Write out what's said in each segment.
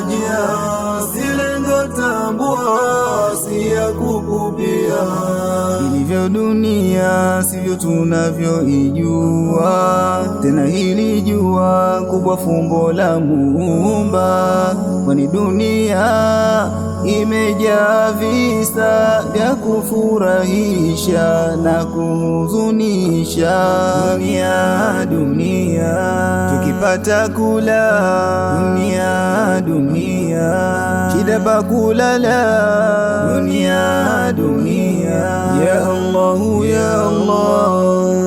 kutarajia, silengo tambua, si ya kukupia. Ilivyo dunia sivyo tunavyoijua, tena hili jua kubwa fumbo la Muumba, kwani dunia imejaa visa vya kufurahisha na kuhuzunisha. Dunia, dunia, tukipata kula dunia, dunia, shida pa kulala dunia, dunia. Ya Allah, ya Allah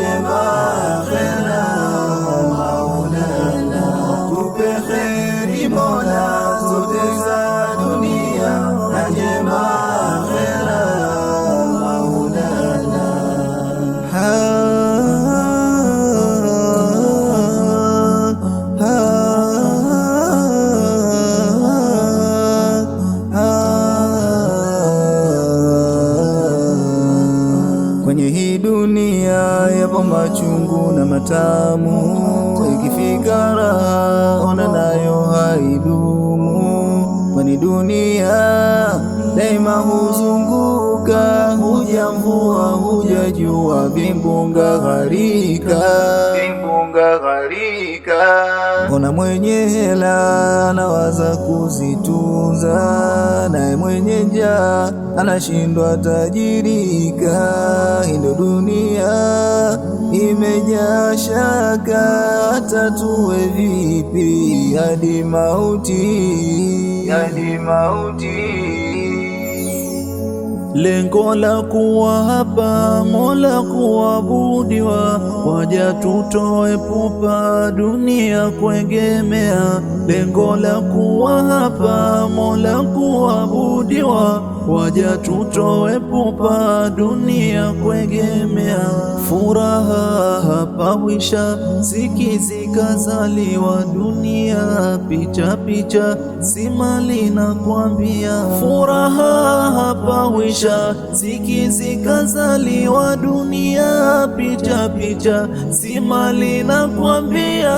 Fatima. Kwenye hii dunia yapo machungu na matamu, ikifika raha ona nayo haidumu, kwani dunia daima ya mvua hujajua, vimbunga gharika, vimbunga gharika. Mbona mwenye hela anawaza kuzitunza, naye mwenye njaa anashindwa tajirika. Indo dunia imejaa shaka, hata vipi hadi mauti, hadi mauti lengo la kuwa hapa Mola kuabudiwa, waja tutoe pupa dunia kuegemea, lengo la hapa Mola kuwa waja tutoe pupa dunia kuegemea. Furaha hapawisha ziki zikazaliwa dunia picha picha simali na kwambia. Furaha hapawisha ziki zikazaliwa dunia picha picha simali na kwambia.